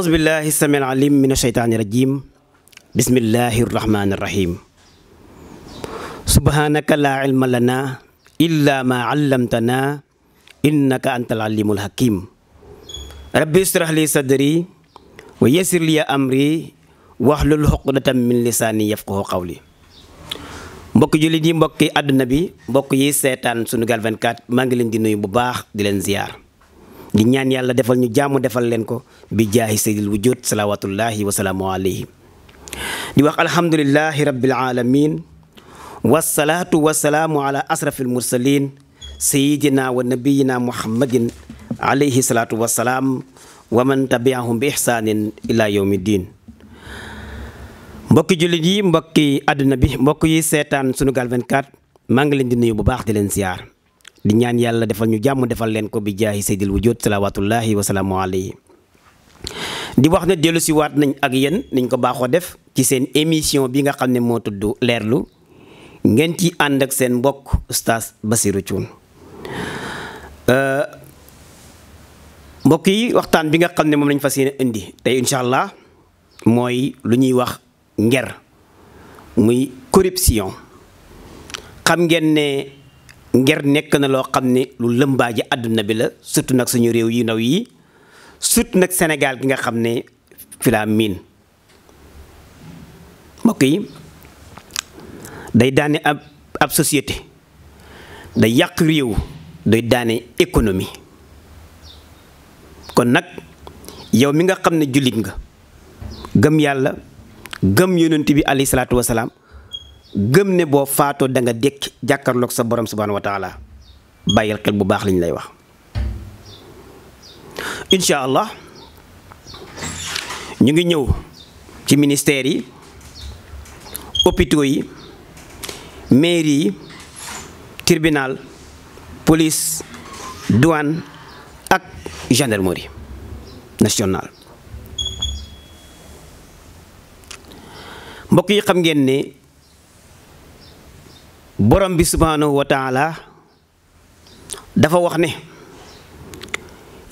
auzu billahi samil alim min asheytaani rajim bismillahi rahmaani rahim subhanaka laa ilma lana illa ma allamtana innaka antal alimul hakim rabbi israh li sadri wa yassir li amri wahlul uqdatan min lisaani yafqahu qawli mbokk jullit yi mbokki àdduna bi mbokk yi seetaan Sunugal 24 maa ngi leen di nuyu bu baax di leen ziyaar di ñaan yàlla defal ñu jàmm defal leen ko bi jaahi sayyidil wujud salawaatullahi wa salaamu alayhi di wax alhamdulillahi rabbil alamin wasalaatu wasalaamu ala asrafil mursalin sayidina wa nabiyina muhammadin alayhi salaatu wasalaam wa man tabiahum bi ihsaanin ila yawmi diin mbokki jullit yi mbokki àdduna bi mbokk yi seetaan Sunugal 24 maa ngi leen di nuyu bu baax di leen ziar di ñaan yàlla defal ñu jàmm defal leen ko bi jaay saydil wujud salawaatullahi wa salaamu alayhi di wax ne dellu si waat nañ ak yéen niñ ko baaxoo def ci seen émission bi nga xam ne moo tudd leerlu ngeen ci ànd ak seen mbokk oustaz Basirou Thioune euh, mbokk yi waxtaan bi nga xam ne moom lañ fas yéene indi te incha allah mooy lu ñuy wax nger muy corruption xam ngeen ne nger nekk na loo xam ne lu lëmbaaji àdduna bi la surtout nag suñu réew yu ndaw yi surtout nag Sénégal gi nga xam ne fi miin mbokk yi day daane ab ab société day yàq réew day daane économie kon nag yow mi nga xam ne jullit nga gëm yàlla gëm yonent bi alayhi salaatu wasalaam gëm ne boo faatoo da nga dékk jàkkarloog sa borom subhaanahu wa taala bàyyil xel bu baax liñ lay wax incha allah ñu ngi ñëw ci ministères yi hôpitaux yi mairie yi tribunal police douane ak gendarmerie nationale mbokk yi xam ngeen ne borom bi subhaanahu wa taala dafa wax ne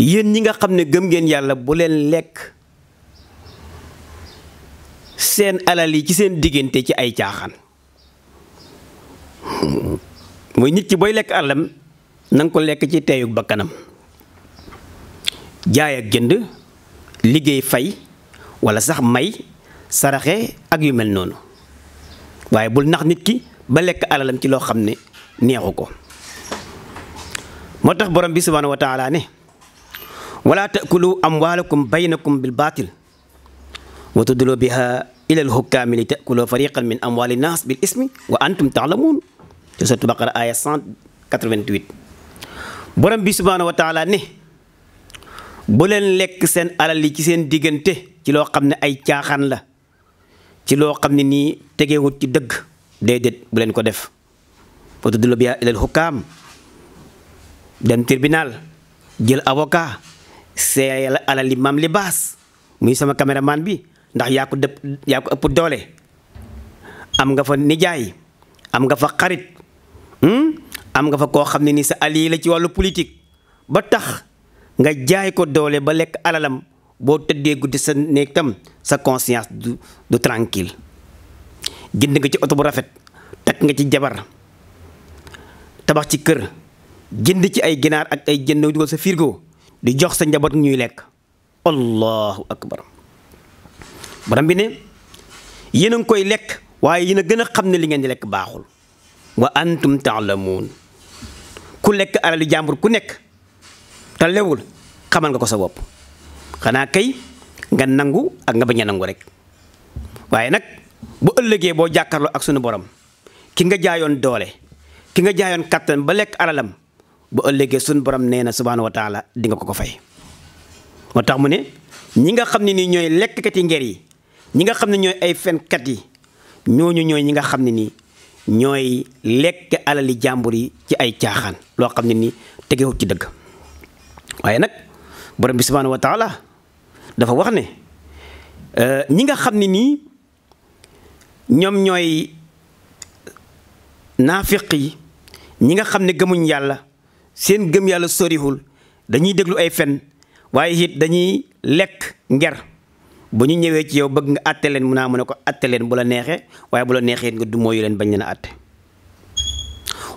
yéen ñi nga xam ne gëm ngeen yàlla bu leen lekk seen alal yi ci seen diggante ci ay caaxaan mooy nit ki booy lekk alalam na ko lekk ci teeyug bakkanam jaay ak jënd liggéey fay walla sax may saraxe ak yu mel noonu waaye bul nax nit ki ba lekk alalam ci loo xam ne neexu ko moo tax borom bi subhaanahu wa taala ne wala taakulu amwaalakum baynakum bil baatil wa tudlu bi ila al hukkaami li taakulu fariqan min amwaali naas bil ismi wa antum taalamuun la sourate Baqara aya 188 borom bi subhaanahu wa taala ne bu leen lekk seen alal yi ci seen diggante ci loo xam ne ay caaxaan la ci loo xam ne nii tegewut ci dëgg déedéet bu leen ko def watadula biha ilal xukkaam dem tribunal jël avocat see alal li maam li baas muy sama caméraman bi ndax yaa ko dëpp yaa ko ëpp doole am nga fa nijaay am nga fa xarit hmm? am nga fa koo xam ne ni sa allié la ci wàllu politique ba tax nga jaay ko doole ba lekk alalam boo tëddee guddi sa néeg tam sa conscience du du tranquille jënd nga ci oto bu rafet takk nga ci jabar tabax ci kër jënd ci ay ginaar ak ay jënd dugal sa firgo di jox sa njaboot ñuy lekk allahu akbar borom bi ne yéen a ngi koy lekk waaye yéen a gën a xam ne li ngeen di lekk baaxul wa antum taalamuun ku lekk alalu jàmbur ku nekk te xamal nga ko sa bopp xanaa kay nga nangu ak nga bañ a nangu rek waaye nag bu ëllëgee boo jàkkaarloo ak sunu borom ki nga jaayoon doole ki nga jaayoon kàttan ba lekk alalam bu ëllëgee sunu borom nee na subhaanahu wa taala ko ko fay. moo tax mu ne ñi nga xam ne nii ñooy lekkkat yi nger yi ñi nga xam ne ñooy ay fenkat yi ñooñu ñooy ñi nga xam ne nii ñooy lekk alali jàmbur yi ci ay caaxaan loo xam ne nii tegewut ci dëgg waaye nag borom bi subhaanahu wa dafa wax ne euh, ñi nga xam ne nii. ñoom ñooy naafiq yi ñi nga xam ne gëmuñ yàlla seen gëm yàlla sorihul dañuy déglu ay fen waaye it dañuy lekk nger bu ñu ñëwee ci yow bëgg nga àtte leen mun naa mën ne ko àtte leen bu la neexee waaye bu la neexee nga du mooyu leen bañ leen a àtte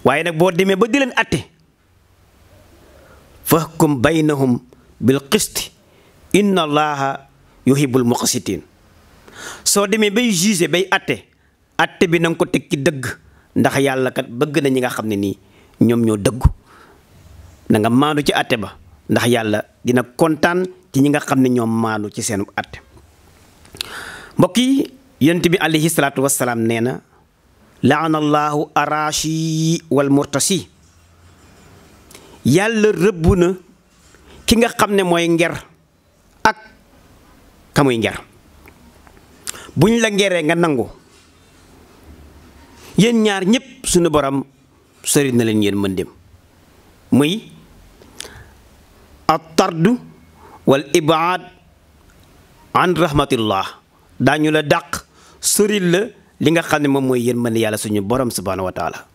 waaye nag boo demee ba di leen àtte fahkum baynahum bil qisti inna allaha yuhibbul muqsitin soo demee bay juger bay atte atte bi na ko teg ci dëgg ndax yàlla kat bëgg na ñi nga xam ne nii ñoom ñoo dëggu nanga nga maandu ci atte ba ndax yàlla dina kontaan ci ñi nga xam ne ñoom maandu ci seen atte mbokk yi yonent bi alayhi salaatu nee na laanallaahu araashi wal murtasi yàlla rëbb na ki nga xam ne mooy nger ak kamuy nger bu ñu la ngeree nga nangu yéen ñaar ñëpp suñu borom sori na leen yéen mën dem muy at tardu wal ibaad an rahmatillah daañu la dàq soril la li nga xam ne moom mooy yéen mën yàlla suñu borom subhaanahu wa taala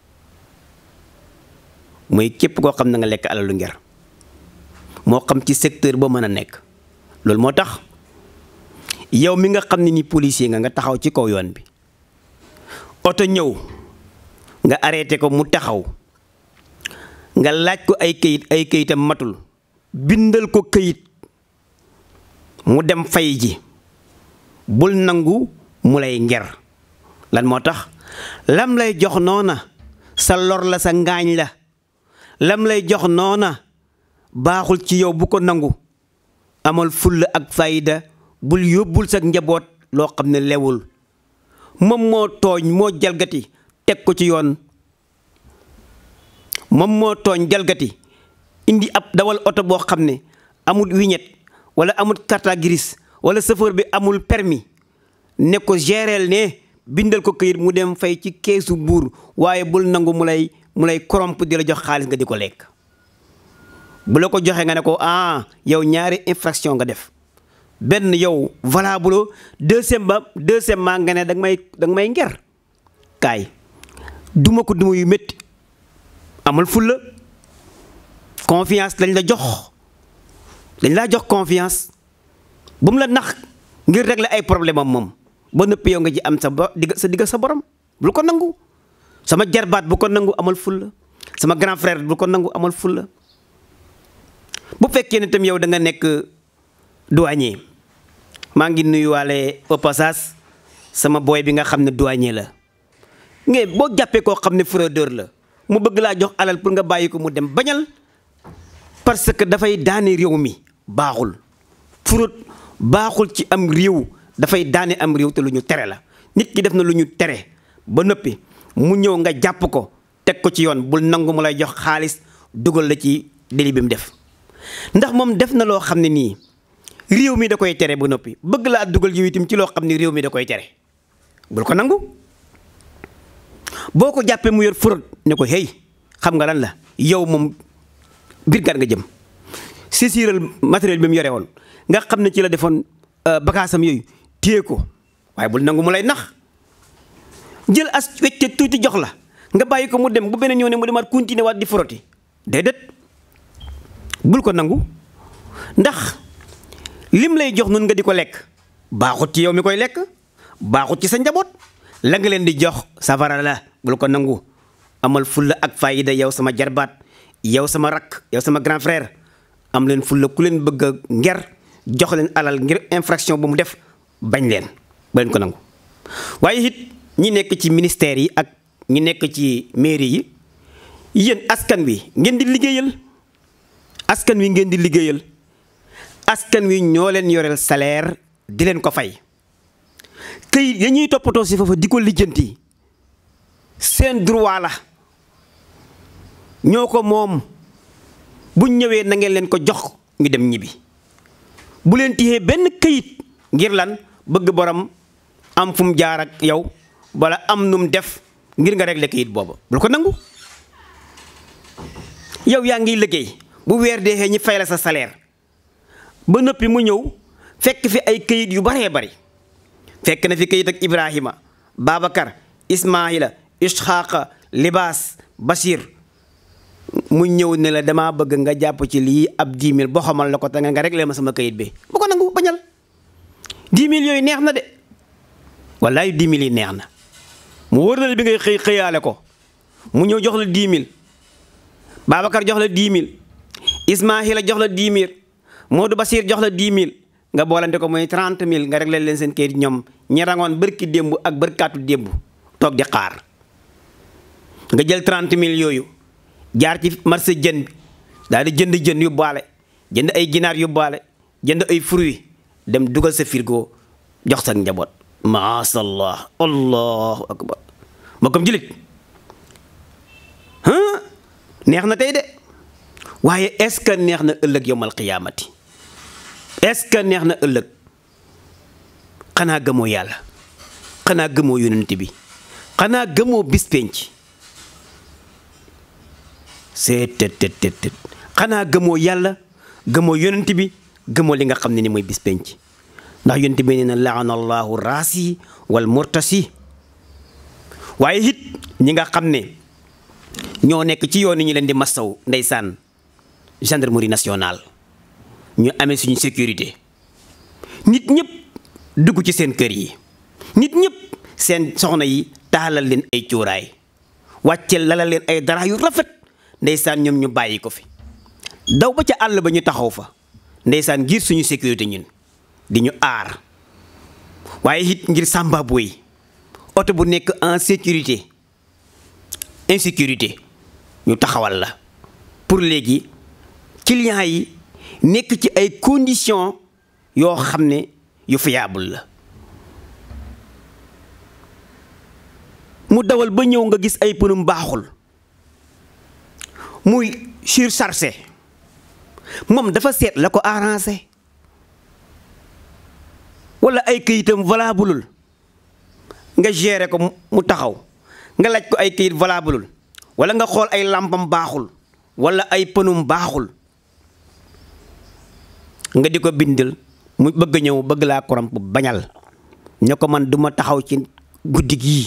muy képp koo xam na nga lekk alalu nger moo xam ci secteur boo mën a nekk loolu moo tax yow mi nga xam ne ni policier nga nga taxaw ci kaw yoon bi oto ñëw nga arrêté ko mu taxaw nga laaj ko ay këyit ay këyitam matul bindal ko këyit mu dem fay ji bul nangu mu lay nger lan moo tax lam lay jox noona sa lor la sa ngaañ la lam lay jox noona baaxul ci yow bu ko nangu amal full ak fayda bul yóbbul sa njaboot loo xam ne lewul moom moo tooñ moo jalgati teg ko ci yoon moom moo tooñ jalgati indi ab dawal oto boo xam ne amut vignette wala amut carte grise wala chauffeur bi amul permis ne ko gerel ne bindal ko këyit mu dem fay ci keesu buur waaye bul nangu mu lay mu lay koromp di la jox xaalis nga di ko lekk bu la ko joxee nga ne ko ah yow ñaari infraction nga def benn yow valable deuxième ba deuxième maa nga danga may danga may nger kaay duma ko duma yu metti amal fulla confiance dañ la jox dañ laa jox confiance bu mu la nax ngir régler ay problème am moom ba nëpp yow nga ji am sa digg sa digg sa borom lu ko nangu sama jarbaat bu ko nangu amal fulla sama grand frère bu ko nangu amal fulla bu fekkee ne tam yow da nekk douanier maa ngi nuyuwaale au sama booy bi nga xam ne douanier la nga boo jàppee koo xam ne fraudeur la mu bëgg laa jox alal pour nga bàyyi ko mu dem bañal parce que dafay daane réew mi baaxul fraude baaxul ci am réew dafay daane am réew te lu ñu tere la nit ki def na lu ñu tere ba noppi mu ñëw nga jàpp ko teg ko ci yoon bul nangu mu lay jox xaalis dugal la ci délit bi mu def ndax moom def na loo xam ne nii réew mi da koy tere ba noppi bëgg laa dugal yow itam ci loo xam ne réew mi da koy tere bul ko nangu boo ko jàppee mu yor furut ne ko hey xam nga lan la yow moom birkaat nga jëm si siiral matériel bi mu yore woon nga xam ne ci la defoon euh, bakaasam yooyu téye ko waaye bul nangu mu lay nax jël as wecce tuuti jox la nga bàyyi ko mu dem bu beneen yoon ne mu demaat continuer waat di foroti déedéet bul ko nangu ndax lim lay jox nun nga di ko lekk baaxut ci yow mi koy lekk baaxut ci sa njaboot la nga leen di jox safara la bul ko nangu amal fulla ak fayida yow sama jarbaat yow sama rakk yow sama grand frère am leen fulla ku leen bëgg a nger jox leen alal ngir infraction bu mu def bañ leen ba leen ko nangu waaye it ñi nekk ci ministère yi ak ñi nekk ci mairie yi yéen askan wi ngeen di liggéeyal askan wi ngeen di liggéeyal askan wi ñoo leen yoreel salaire di leen ko fay këyit dañuy toppatoo si foofa di ko lijjanti seen droit la ñoo ko moom buñ ñëwee na ngeen leen ko jox ñu dem ñibbi bu leen tixee benn këyit ngir lan bëgg borom am fu mu jaar ak yow wala am num def ngir nga régler këyit booba bul ko nangu yow yaa ngi liggéey bu weer deexee ñi fay la sa saleer ba nëppi mu ñëw fekk fi ay kayit yu baree bari fekk na fi kayit ak Ibrahima Babacar Ismaila Ishaaqa Libaas Bachir mu ñëw ne la damaa bëgg nga jàpp ci lii ab 10 000 boo xamal la ko te nga réglé ma sama kayit bi bu ko nangu bañal 10 000 yooyu neex na de wallaay 10 000 yi neex na mu wër na bi ngay xëy xëyaale ko mu ñëw jox la 10 000 Babacar jox la 10 000 Ismaila jox la 10 000 moo Modou Basir jox la 10 000 nga boolante ko mooy 30 000 nga réglé leen seen kayit ñoom ñi rangoon bërki démb ak bërkaatu démb toog di xaar nga jël 30 000 yooyu jaar ci marché jën daal di jënd jën yu baale jënd ay ginaar yu baale jënd ay fruits dem dugal sa firgo jox sa njaboot. macha allah allahu akbar mbokkam jullit neex na tey de waaye est-ce que neex na ëllëg yowmal qiyaamati est-ce que neex na ëllëg xanaa gëmoo yàlla xanaa gëmoo yonent bi xanaa gëmoo bis penc seet xanaa gëmoo yàlla gëmoo yonent bi gëmoo li nga xam ne ni mooy bis ndax yonent bi nee na laana allahu raasi wal murtasi waaye it ñi nga xam ne ñoo nekk ci yoon yi ñu leen di masaw ndeysaan gendarmerie nationale ñu amee suñu sécurité nit ñëpp dugg ci seen kër yi nit ñëpp seen soxna yi taalal leen ay cuuraay wàcceel lalal leen ay dara rafet ndeysaan ñoom ñu bàyyi ko fi daw ba ca àll ba ñu taxaw fa ndeysaan ngir suñu sécurité ñun di ñu aar waaye it ngir sàmba booy oto bu nekk en sécurité insécurité ñu taxawal la pour léegi clients yi nekk ci ay condition yoo xam ne yu fiable la mu dawal ba ñëw nga gis ay pënum baaxul muy sur surchargé moom dafa seet la ko arrangé walla ay kayitam valabulul nga gere ko mu taxaw nga laaj ko ay këyit valabulul wala nga xool ay làmpam baaxul walla ay pënum baaxul nga di ko bindal mu bëgg ñëw bëgg laa koramp bañal ne ko man duma taxaw ci guddi gii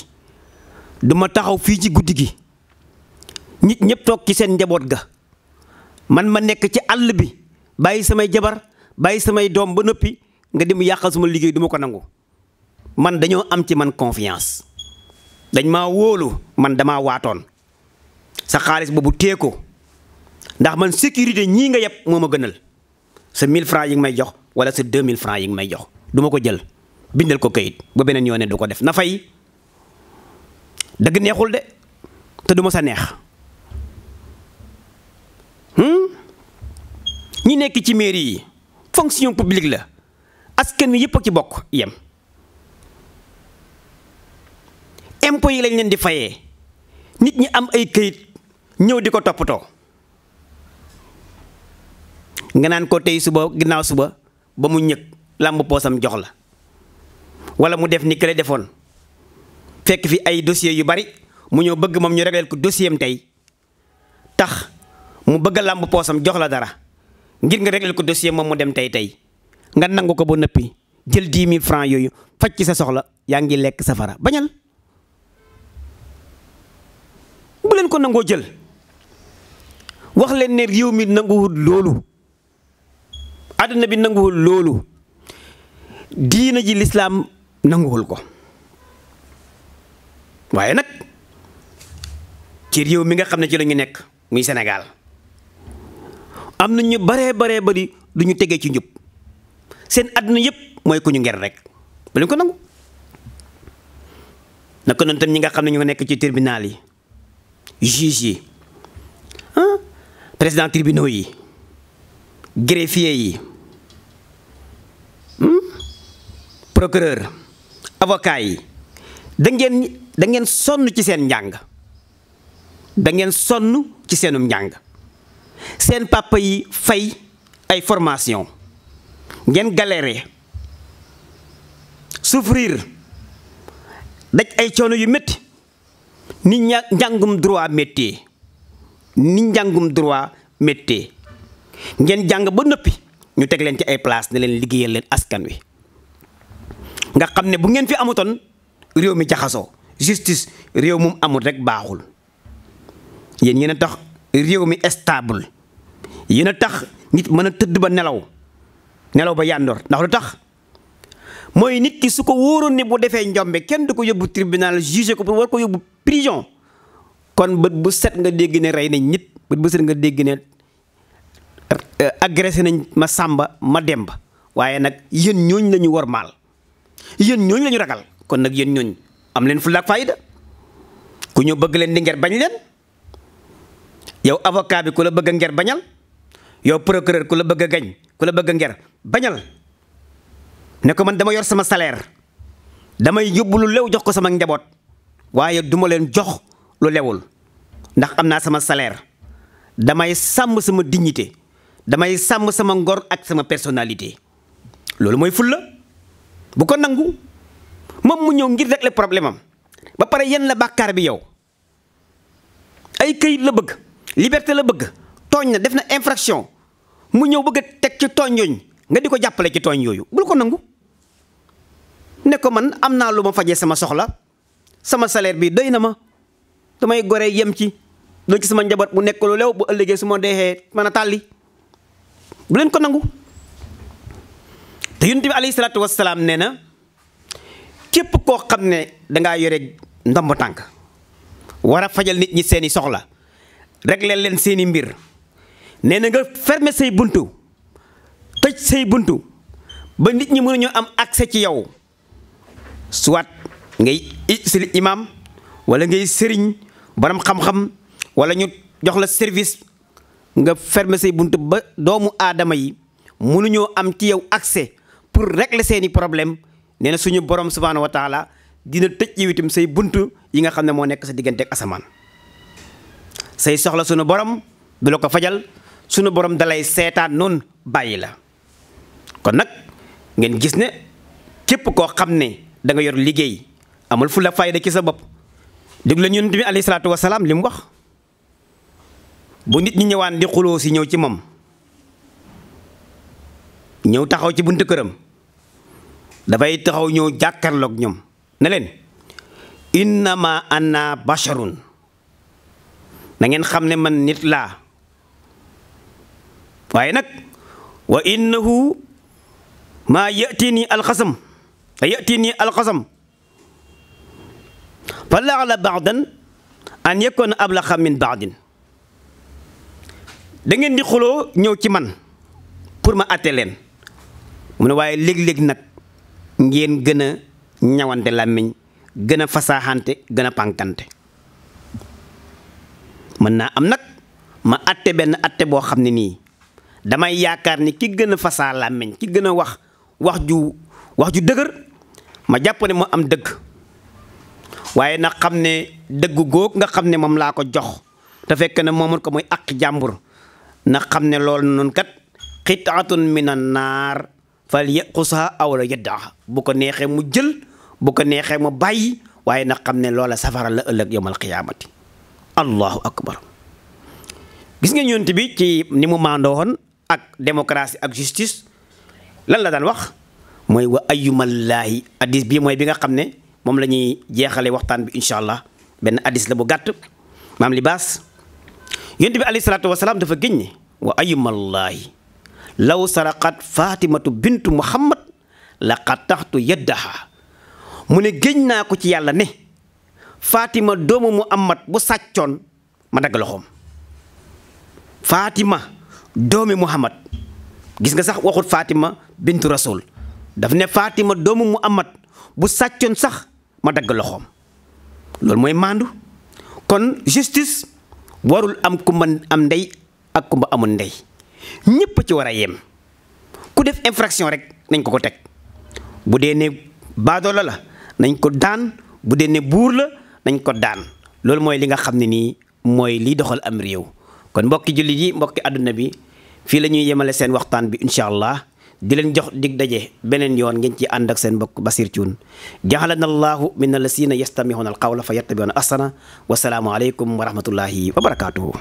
du taxaw fii ci guddi gi nit ñëpp toog ci seen njaboot ga man ma nekk ci àll bi bàyyi samay jabar bàyyi samay doom ba noppi nga dem yàqal suma liggéey duma ko nangu man dañoo am ci man confiance dañ maa wóolu man dama waatoon sa xaalis boobu tee ko ndax man sécurité ñii nga yëpp moo ma gënal sa mille francs yi nga may jox wala sa 2000 francs yi nga may jox du ma ko jël bindal ko kayit ba beneen yoone du ko def na fay dëgg neexul de te duma sa neex hmm? ñi nekk ci mairie yi fonction publique la askan wi yëpp a ci bokk yem impôt yi lañ leen di fayee nit ñi am ay këyit ñëw di ko toppatoo nga naan ko tey suba ginnaaw suba ba mu ñëg làmb poosam jox la wala mu def ni kële defoon fekk fi ay dossier yu bari mu ñëw bëgg moom ñu régleel ko dossier tey tax mu bëgg làmb poosam jox la dara ngir nga régleel ko dossier moom mu dem tey tey nga nangu ko ba nëppi jël 10 000 francs yooyu faj ci sa soxla yaa ngi lekk safara bañal bu leen ko nangoo jël wax leen ne réew mi nanguwul loolu àdduna bi nanguwul loolu diina ji lislaam nanguwul ko waaye nag ci réew mi nga xam ne ci la nekk muy Sénégal am na ñu baree baree bari du ñu tegee ci njub seen àdduna yëpp mooy ku ñu nger rek ba ko nangu naka noonu tam ñi nga xam ne ñu nekk ci tribunal yi juge yi ah président tribunaux yi greffier yi procureur avocat yi da dangeen da sonn ci seen njàng da ngeen sonn ci seenum njàng seen papa yi fay ay formation ngeen galéré souffrir daj ay coono yu metti ni njàngum droit métti ni njàngum droit métti ngeen jàng ba noppi ñu teg leen ci ay place ne leen liggéeyal leen askan wi nga xam ne bu ngeen fi amutoon réew mi jaxasoo justice réew moom amul rek baaxul yéen yéen a tax réew mi estable yéen a tax nit mën a tëdd ba nelaw nelaw ba yàndoor ndax lu tax mooy nit ki su ko wóoroon ni bu defee njombe kenn du ko yóbbu tribunal jugé ko pour war ko yóbbu prison kon bët bu set nga dégg rey nañ nit bët bu set nga dégg ne euh, agressé nañ ma sàmba ma demba waaye nag yéen ñooñ lañu war maal yéen ñooñu la ñu ragal kon nag yéen ñooñu am leen fulla ak fayda ku ñu bëgg leen di nger bañ leen yow avocat bi ku la bëgg a nger bañal yow procureur ku la bëgg gañ ku bëgg a nger bañal ne ko man dama yor sama salaire damay yóbbu lu lew jox ko sama njaboot waaye duma leen jox lu lewul ndax am naa sama salaire damay sàmm sama dignité damay sàmm sama ngor ak sama personnalité loolu mooy fulla bu ko nangu moom mu ñëw ngir régler problème am ba pare yenn la bàkkaar bi yow ay këyit la bëgg liberté la bëgg tooñ na def na infraction mu ñëw bëgg teg ci tooñ yooyu nga di ko jàppale ci tooñ yooyu bul ko nangu ne ko man am naa lu ma fajee sama soxla sama salaire bi doy na ma damay gore yem ci doo ci sama njaboot bu nekk lu lew bu ëllëgee su ma deexee mën a tàlli bu leen ko nangu te yonent bi alayhi salaatu wasalaam nee na képp koo xam ne dangaa yore ndomb tànk war a fajal nit ñi seeni soxla régler leen seeni mbir nee na nga fermer say buntu tëj say buntu ba nit ñi mënuñu am accès ci yow soit ngay sil imam wala ngay sëriñ borom xam-xam wala ñu jox la service nga fermer say buntu ba doomu aadama yi mënuñoo am ci yow accès pour régler seeni problème nee na suñu borom subhaanahu wa taala dina tëj yow itam say buntu yi nga xam ne moo nekk sa diggante ak asamaan say soxla suñu borom du la ko fajal suñu borom dalay seetaan noonu bàyyi la kon nag ngeen gis ne képp koo xam ne danga yor liggéey amul fu la fayda ci sa bopp dégg la yonent bi alayhi salaatu wasalaam li mu wax bu nit ñi ñëwaan di xuloo si ñëw ci moom ñëw taxaw ci bunt këram dafay taxaw ñëw jàkkarloog ñoom ne leen innama anna basharun dangeen xam ne man nit laa waaye nag wa innahu maa yatini alxasam a yatini alxasam fa laala baadan an yakuna ablaxa min baadin da ngeen di xuloo ñëw ci man pour ma atte leen mu ne waaye léeg-léeg nag ngeen gën a ñawante làmmiñ gën a fasaaxante gën a pànkante mën naa am nag ma atte benn atte boo xam ne nii damay yaakaar ni ki gën a fasaa làmmiñ ki gën a wax wax ju wax ju dëgër ma jàpp ne moo am dëgg waaye nag xam ne dëgg góog nga xam ne moom laa ko jox te fekk na moomut ko muy àq jàmbur na xam ne loolu noonu kat xitaatun minan naar fal yaqusha aw la yaddaha bu ko neexee mu jël bu ko neexee mu bàyyi waaye nag xam ne loola safara la ëllëg yowmal qiyaamati allahu akbar gis nga ñonti bi ci ni mu maandoo woon ak démocratie ak justice lan la daan wax mooy wa ayumallaahi addis bii mooy bi nga xam ne moom la ñuy jeexalee waxtaan bi incha allah benn addis la bu gàtt maam libaas yonent bi alayhi salaatu wasalaam dafa génne wa ayumallaahi law saraqat fatimatu bintu muhammad la qataxtu yeddaha mu ne géñ naa ko ci yàlla ne fatima doomu muhammad bu sàccoon ma dagg loxoom fatima doomi muhammad gis nga sax waxut fatima bintu rasul daf ne fatima doomu muhammad bu sàccoon sax ma dagg loxoom loolu mooy maandu kon justice warul am kumba am ndey ak kumba amul ndey ñëpp ci war a yem ku def infraction rek nañ ko ko teg bu dee ne baadoola la nañ ko daan bu dee ne buur la nañ ko daan loolu mooy li nga xam ne nii mooy liy doxal am réew kon mbokki jullit yi mbokki àdduna bi fii la ñuy yemale seen waxtaan bi incha allah di leen jox dig daje beneen yoon ngeen ci ànd ak seen mbokk Basir Thioune jaxalana allahu min allasina yastamihuna alqawla fa yattabiuna ahsana wasalaamu aleykum wa rahmatullahi wa barakatuhu